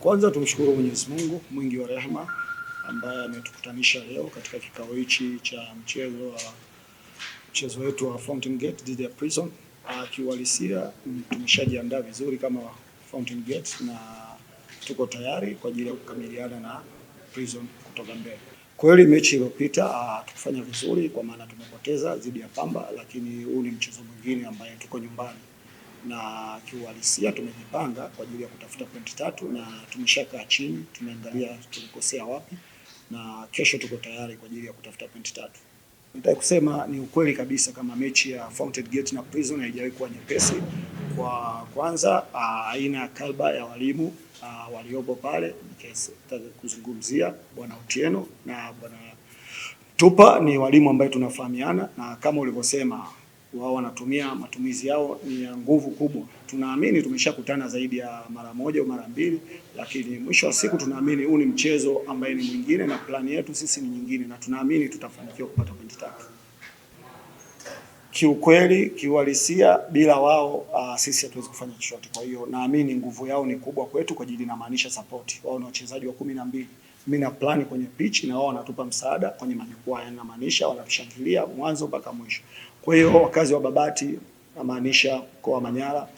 Kwanza tumshukuru Mwenyezi Mungu mwingi wa rehema ambaye ametukutanisha leo katika kikao hichi cha mchezo wa mchezo wetu wa Fountain Gate dhidi ya Prison. Akiwalisia, tumeshajiandaa vizuri kama Fountain Gate na tuko tayari kwa ajili ya kukabiliana na Prison kutoka mbele. Kweli mechi iliyopita ah, tukufanya vizuri kwa maana tumepoteza dhidi ya Pamba, lakini huu ni mchezo mwingine ambaye tuko nyumbani na kiuhalisia tumejipanga kwa ajili ya kutafuta pointi tatu na tumeshakaa chini, tumeangalia tulikosea wapi na kesho tuko tayari kwa ajili ya kutafuta pointi tatu. Nataka kusema ni ukweli kabisa kama mechi ya Fountain Gate na Prison haijawahi kuwa nyepesi. Kwa kwanza ah, aina ya kalba ya walimu ah, waliopo pale, nataka kuzungumzia Bwana Otieno na Bwana Tupa, ni walimu ambaye tunafahamiana na kama ulivyosema wao wanatumia matumizi yao ni ya nguvu kubwa. Tunaamini tumeshakutana zaidi ya mara moja au mara mbili, lakini mwisho wa siku tunaamini huu ni mchezo ambaye ni mwingine, na plani yetu sisi ni nyingine, na tunaamini tutafanikiwa kupata pointi tatu. Kiukweli, kiuhalisia, bila wao uh, sisi hatuwezi kufanya chochote. Kwa hiyo naamini nguvu yao ni kubwa kwetu, kwa ajili inamaanisha support. Wao ni wachezaji wa kumi na mbili mimi na plani kwenye pitch na wao wanatupa msaada kwenye majukwaa, yanamaanisha wanatushangilia mwanzo mpaka mwisho. Kwa hiyo wakazi wa Babati namaanisha mkoa wa Manyara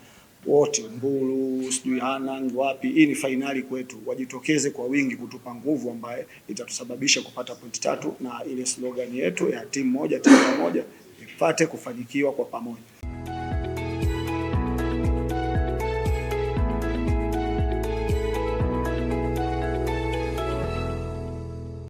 wote, Mbulu, sijui Hanang, wapi, hii ni fainali kwetu, wajitokeze kwa wingi kutupa nguvu ambaye itatusababisha kupata pointi tatu, na ile slogan yetu ya timu moja timu moja ipate kufanikiwa kwa pamoja.